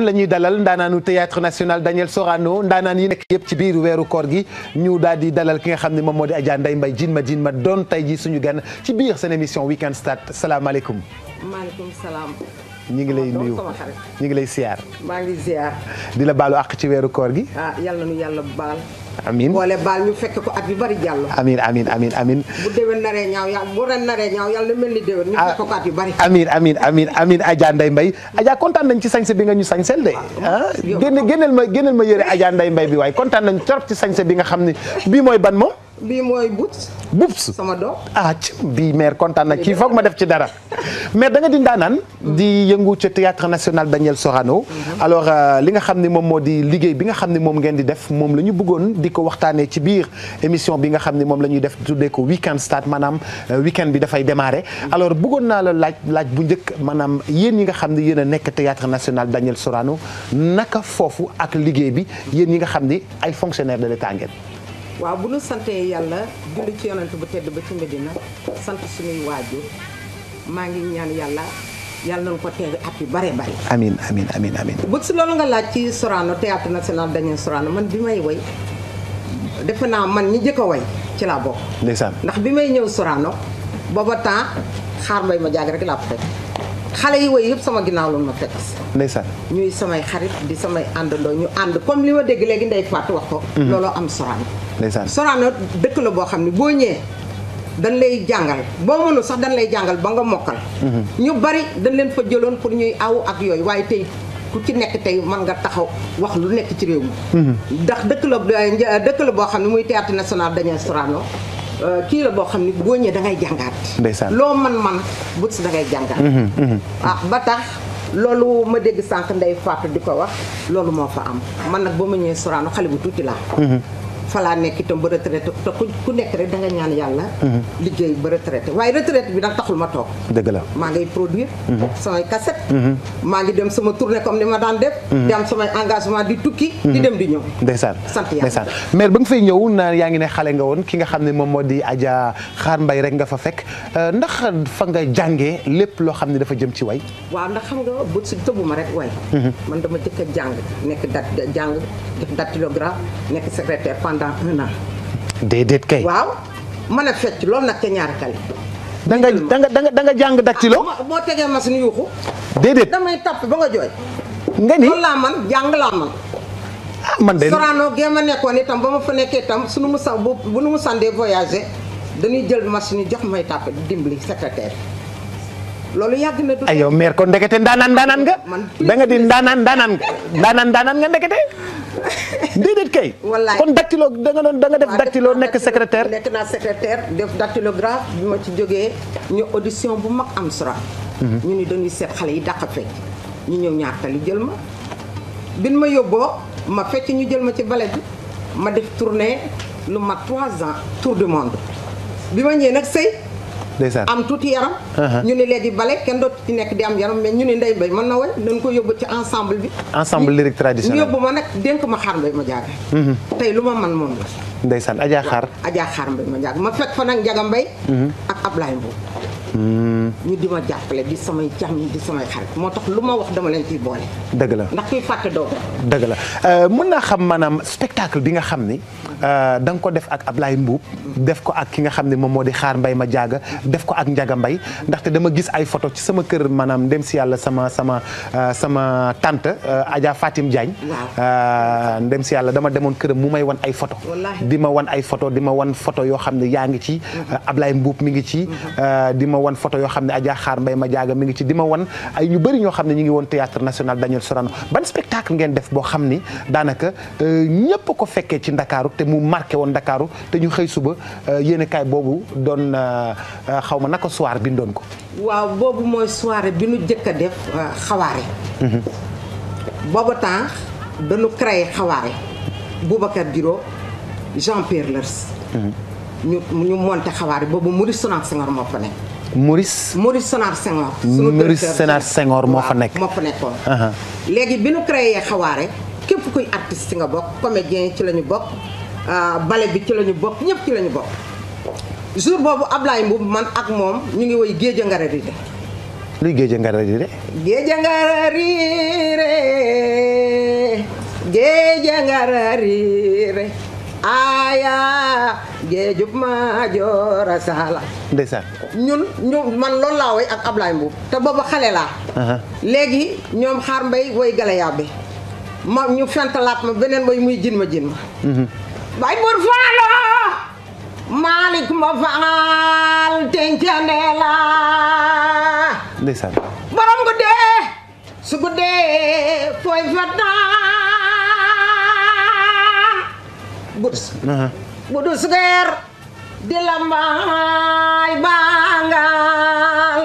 la ñuy dalal ndaanaanu théâtre national Daniel Sorano ndaanaan yi nekk yëpp ci biir weeru koor gi ñu daal di dalal ki nga xam ne moom moo di Adja Ndeye Mbaye Djin ma Djin ma doon tey ji suñu gan ci biir seen émission Weekend Start salaamaaleykum. maaleykum salaam. ñu ngi lay nuyu ñu ngi lay siyaar. maa ngi ziar. di la baalu àq ci weeru koor gi. ah yàlla nu yàlla baal. amiin boole baal ñu fekk ko at yu bari jàll. amiin amiin amiin amiin. bu déwén naree ñaaw yàlla mel ni déwén. ñu fekk ko at yu bari. amiin amiin amiin amiin Adja kontaan nañ ci sañse bi nga ñu sañsel de. ah, ah génne génneel ma génneel ma yére Adja Ndeye Mbaye bi waaye kontaan nañ trop ci sañse bi nga xam ne bi mooy ban moom. bii mooy Boups. sama doom ah ci bii mère kontaan na ci foog ma def ci dara. mais da nga di ndaanaan di yëngu ci théâtre national Daniel Sorano. Mhm. alors euh, li nga xam ni moom moo di liggéey bi nga xam ne moom ngeen di def moom la ñu bëggoon di ko waxtaanee ci biir émission bi nga xam ne moom la ñuy def tuddee ko weekend start maanaam euh, weekend bi dafay démarrer. Mhm. alors bëggoon naa la laaj laaj bu njëkk maanaam yéen ñi nga xam ne yéen a nekk théâtre national Daniel Sorano naka foofu ak liggéey bi yéen ñi nga xam ne ay fonctionnaire de l'État ngeen. waaw bu ñu santee yàlla julli ci yonent bu tedd ba ci Medina sant suñuy waajur maa ngi ñaan yàlla yàlla nañu ko teel ak yu bare bare amiin amiin amiin amiin bëgg si loolu nga laaj ci Sorano théâtre national dañuy Sorano man bi may woy defe naa man ñi jëkk a woy ci laa bokk ndeysaan ndax bi may ñëw Sorano booba temps xaar mbay ma jaag rek laa ko xale yi woy yëpp sama ginnaaw loolu ma fekk ndeysaan ñuy samay xarit di samay àndandoo ñu ànd comme li ma dégg léegi Ndeye Fatou wax ko mm-hmm. looloo am ndeysaan Sorano dëkk la boo xam ne boo ñëwee dañ lay jàngal boo mënul sax dañ lay jàngal ba nga mokkal mhm. ñu bari dañ leen fa jëloon pour ñuy aw ak yooyu waaye tey ku ci nekk tey man nga taxaw wax lu nekk ci réew mi mhm. ndax dëkk la dëkk la boo xam ne muy théâtre national Daniel Sorano euh, kii la boo xam ne boo ñëwee da ngay jàngaat ndeysaan loo man man but si da ngay jàngaat mhm, ah, ba tax loolu ma dégg sànq nday Fatou di ko wax loolu moo fa am man nag ba ma ñëwee Sorano xale bu tuuti laa falaa nekk itam ba retraité te ku nekk rek da nga ñaan yàlla mhm. liggéey ba retraité waaye retraite bi nag taxul ma toog dëgg la maa ngay produire mhm. samay cassette mhm. maa ngi dem sama tournée comme ni ma daan def di am samay engagement di tukki di dem di ñëw ndeysaan sant yàlla ndeysaan mais ba nga fay ñëw na yaa ngi ne xale nga woon ki nga xam ne moom moo di Adja Xaar Mbay rek nga fa fekk euh, ndax fa nga jàngee lépp loo xam ne dafa jëm ci way waa ndax xam nga bu si tëbu ma rek way man dama jëkk a jàng nekk dat jàng def dactylographe pendant un an. déedéet kay. waaw mën a fecc loolu nag ca ñaari kale. da nga danga nga da nga jàng dactylo. Ah, moo tegee machine yuuxu. déedéet damay tapp ba nga jooy. nga ni loolu laa man jàng laa man. ah man de. Sorano gee ma nekkoon itam ba ma fa nekkee itam sunu mu sa bu nu mu sàndee voyager dañuy jël machine yi jox may tàpp dimbali secrétaire. loolu yàgg na du ay yow mère kon ndekete ndaanaan ndaanaan nga. da nga di ndaanaan ndaanaan nga ndaanaan ndaanaan nga ndekete. déedéet kay. wallaay kon dactylo da nga da nga def dactylo nekk secrétaire. nekk naa secrétaire def dactylographe bi ma ci jógee ñu audition bu mag am sura mhm. ñu ni dañuy seet xale yi dàq fecc ñu ñëw ñaar tali jël ma. bin ma yóbboo ma fecc ñu jël ma ci bale bi ma def tournée lu mag trois ans tour du monde bi ma ñëwee nag sëy am tuuti yaram uh-huh. ñu ni léegi bale kenn dootu ci nekk di am yaram mais ñu ni ndey mbay man na way dañ ko yóbbu ci ensemble bi ensemble lyrique traditionnel yóbbu ma nag dénk ma xaar mbay ma jaaga mm-hmm. tey lu ma man moom la ndeysaan Adja Xaar Adja Xaar mbay ma jaaga ma fekk fa nag Njaga Mbay mm-hmm. ak ab Ablaye Mbow ma jàppale di moo tax lu ma wax dama leen ciy boole. dëgg la ndax kuy la euh, mën naa xam maanaam spectacle bi nga xam ni euh, da nga ko def ak Ablaye Mbuub def ko ak ki nga xam ne moom moo di xaar mbay ma jaaga def ko ak njaga mbay ndaxte dama gis ay photo ci sama kër maanaam dem si yàlla sama sama euh, sama tante Adja Fatim Diagne yàlla dama demoon këram mu may wan ay photo di ma wan ay photo di ma wan photo yoo xam ne yaa ngi ci mm-hmm. Ablaye Mbuub mi ngi ci mm-hmm. di ma wan photo yoo xam ne Adja Xaar Mbay ma jaaga mi ngi ci ñoo xam ne ñu ngi woon théâtre national Daniel Sorano ban spectacle boo xam ni daanaka euh, ñëpp ko fekkee ci Ndakaaru te mu marqué woon Ndakaaru te ñu xëy suba euh, yéen kaay boobu doon euh, xaw ma naka soir bi ko. waaw boobu mooy soirée bi nu jëkk a def xawaare. Mhm. boobu temps dañu créé xawaare. Boubacar Diro Jean Pierre mhm. ñu ñu xawaare boobu Maurice Sonac Senghor moo fa Maurice. Maurice Sénar Senghor. sunu Maurice Sénar sengoor moo fa nekk moo fa nekkoon. Uh-huh. léegi bi nu créé xawaare képp kuy artiste nga bokk comédien ci la ñu bokk euh, bale bi ci la ñu bokk ñëpp ci la ñu bokk. jour boobu Ablaye Mboub man ak moom ñu ngi woy géej ngara ri de. luy géej ngara de. géej ngara ri géejub ma joora saala ndeysaan ñun ñu man loolu laa woy ak Ablaye Mbuub te booba xale laa léegi ñoom xaar mbay woy gale yàbbi ma ñu fentalaat ma beneen woy muy jin ma jin ma mhm. bay bur faalo maalik ma faal tencandee la ndeysaan borom guddee su guddee fooy fataan burs budus ger di lambaay bangal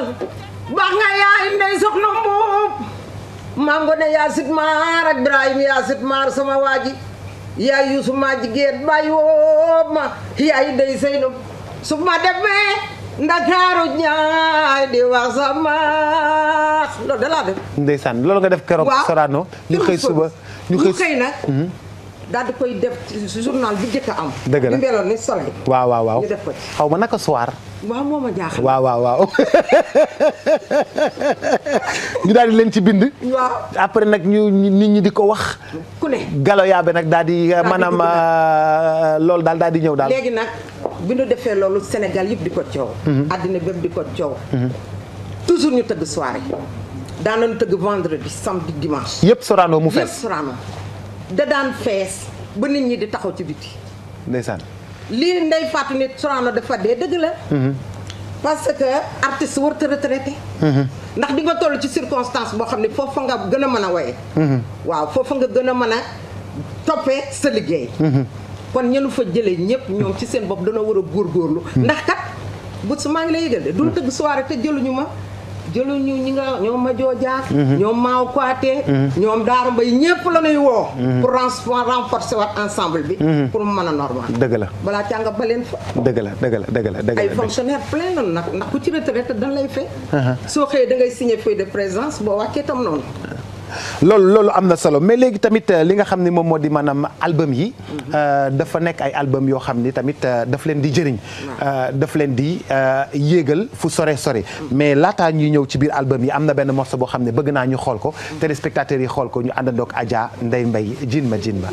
baax nga yaay ndey soxna mbuub mango ne yaasit maar ak Ibrahima yaasit maar sama waaji yaay Yuusuf ma jigéen bay woob ma yaay ndey Seynu su ma demee ndakaaru ñaay di wax sama loolu da laa def ndeysaan loolu nga def keroog Sorano ñu xëy suba ñu xëy nag hmm. daal di koy def ci journal bi njëkk a am. dëgg la li meloon waaw waaw waaw def xaw ma naka soir. waaw moo ma jaaxal. waaw waaw waaw. daal di leen ci bind. après nag ñu nit ñi di ko wax. ku ne galo yaabe nag daal di. maanaam euh, loolu daal daal di ñëw daal. léegi nag bi nu defee loolu Sénégal yëpp di ko coow. Mhm. àddina bépp di ko coow. Mhm. toujours ñu tëgg soirée. daanoon tëgg vendredi samedi dimanche. yëpp Sorano mu fees da daan fees ba nit ñi di taxaw ci biti ndeysaan lii ndey fàttu nit Sorano dafa dee dëgg la mhm. parce que artiste warut a mhm. ndax di nga toll ci circonstance boo xam ne foofa nga gën a mën a woye mhm. waaw foofa nga gën a mën a toppee sa liggéey kon ñenu fa jëlee ñëpp ñoom ci seen bopp dana war a góor góorgóorlu ndax kat bu su maa ngi lay yëgal de duñ tëgg soirée te jëluñu ma jëluñu ñu nga ñoom ma joojaak mhm. ñoom maaw kuwaatee mhm. ñoom daaru mbay ñëpp la ñuy woo mhm. pour renforcer waat ensemble bi pour mu a normal dëgg la balaa cànga baleen fa dëgg la dëgg la dëgg la dëgg la ay fonctionnaire plein noonu ndax ku ci retraite dañ lay fay uh-huh. soo xëyee da ngay signer de présence boo wàccee tam noonu loolu loolu am na solo mais léegi tamit euh, li nga xam ni moom moo di maanaam albam yi. Mhm. Euh, dafa nekk ay album yoo xam ni tamit euh, daf leen di jëriñ. daf leen di yégal fu sore sore. Mhm. mais laataa ñuy ñëw ci biir album yi am na benn morceau boo xam ne bëgg naa ñu xool ko. Mhm. téléspectateurs yi xool ko ñu àndandoog Adja Ndeye Mbaye jiin ma jin ma.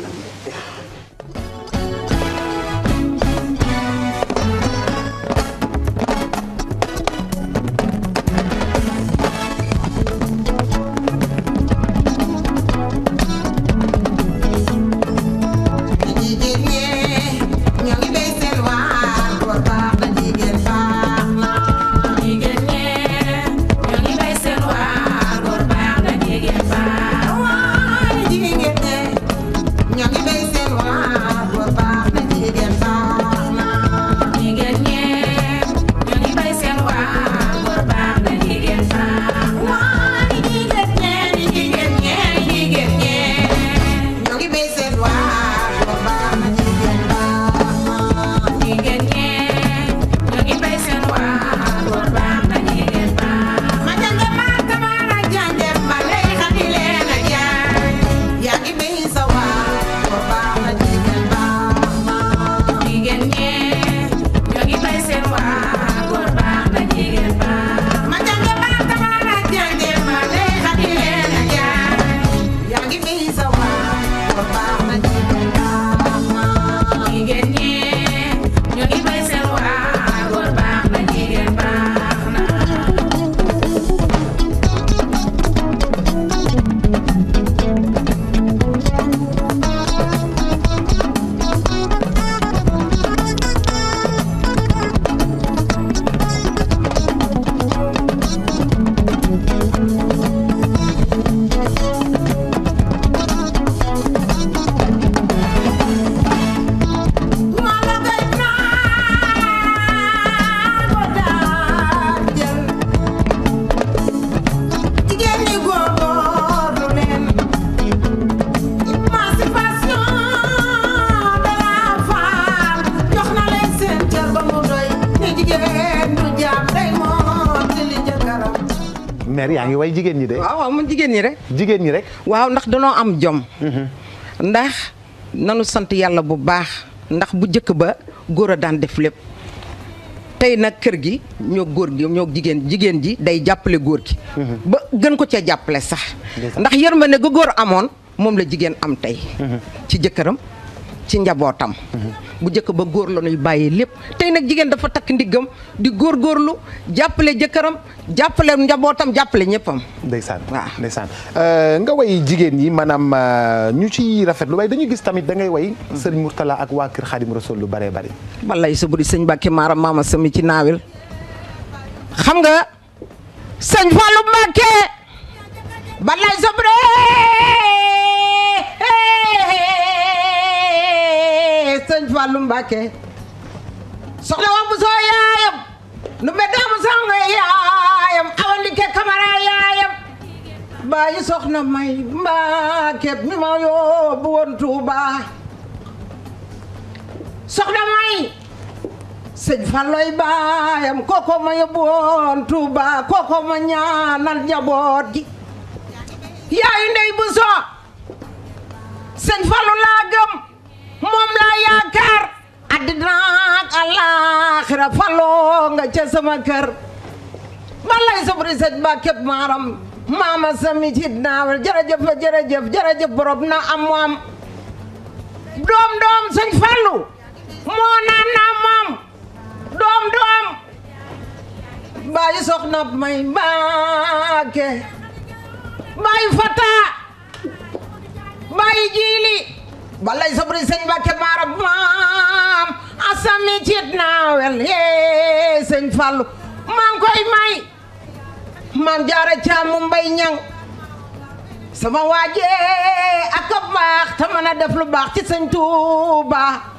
mère yaa ngi way jigéen ñi de. waaw waaw man jigéen ñi rek. jigéen ñi rek. waaw ndax danoo am jom. Mm-hmm. ndax nanu sant yàlla bu baax ndax bu jëkk ba góor a daan def lépp. tey nag kër gi ñoo góor gi ñoo jigéen jigéen ji day jàppale góor gi. Mm-hmm. ba gën ko cee jàppale sax. ndax yërmande ga góor amoon moom la jigéen am tey. Mm-hmm. ci jëkkëram. ci njabootam. bu njëkk ba góor la ñuy bàyyi lépp tey nag jigéen dafa takk ndiggam di góor góor lu jàppale jëkkëram jàppale njabootam jàppale ñëppam. ndeysaan waaw ndeysaan euh, nga way jigéen yi maanaam euh, ñu ci rafetlu waaye dañuy gis tamit da ngay way sëriñ Mourtala ak waa kër Xaadim lu baree bari. wallaay sa buri sëñ Mbàkke Maara maama sami ci naawel xam nga sëñ Fallou Mbàkke wallaay sa Fàllu Mbàkke soxna wa bu soo yaayam may Mbàkke mi ma yóbbu woon Tuubaa soxna may sëñ Falloy baayam kooko ma yóbbu woon Tuubaa kooko ma ñaanal njaboot gi yaayu ndey bu soo sëñ Fallu laa gëm moom laa yaakaar àddina alaaxira faloo ca sama kër balay sobri sëñ ba képp maaram maama sami ci naawel jërëjëf fa jërëjëf na am mu am doom doom sëñ fallu moo naan naa moom doom doom bàyyi soxna may mbaake bàyyi fata bàyyi jiili balay sabri sëñ Bakke Mara maam asami ciit naawel yee sëñ Fallou maa koy may maam jaara caamu mbay ñang sama waajee ak a baax te mën a def lu baax ci sëñ Touba.